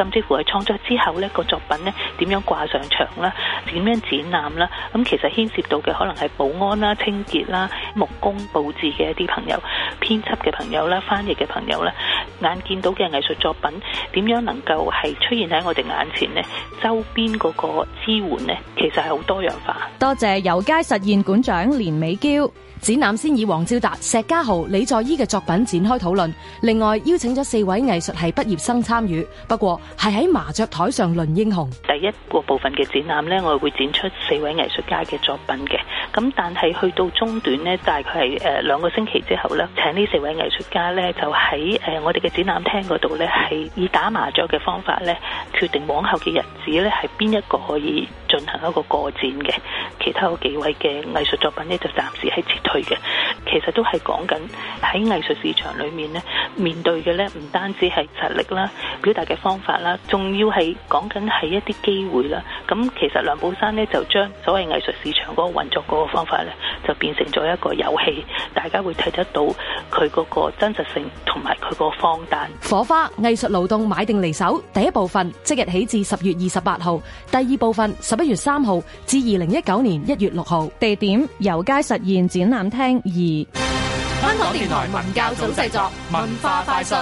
甚至乎係創作之後咧，個作品咧點樣掛上牆啦，點樣展覽啦，咁其實牽涉到嘅可能係保安啦、清潔啦、木工布置嘅一啲朋友、編輯嘅朋友啦、翻譯嘅朋友啦。眼見到嘅藝術作品點樣能夠係出現喺我哋眼前呢？周邊嗰個支援呢，其實係好多樣化。多謝遊街實驗館長連美嬌，展覽先以黃昭達、石家豪、李在伊嘅作品展開討論。另外邀請咗四位藝術系畢業生參與，不過係喺麻雀台上論英雄。一個部分嘅展覽呢，我會展出四位藝術家嘅作品嘅。咁但係去到中段呢，大概係誒、呃、兩個星期之後呢，請呢四位藝術家呢，就喺誒、呃、我哋嘅展覽廳嗰度呢，係以打麻雀嘅方法呢，決定往後嘅日子呢，係邊一個可以進行一個個展嘅，其他有幾位嘅藝術作品呢，就暫時係撤退嘅。其實都係講緊喺藝術市場裏面呢。面對嘅咧，唔單止係實力啦，表達嘅方法啦，仲要係講緊係一啲機會啦。咁其實梁寶山呢，就將所謂藝術市場嗰個運作嗰個方法咧，就變成咗一個遊戲，大家會睇得到佢嗰個真實性同埋佢個荒誕。火花藝術勞動買定離手，第一部分即日起至十月二十八號，第二部分十一月三號至二零一九年一月六號，地點油街實驗展覽廳二。香港電台文教組製作《文化快訊》。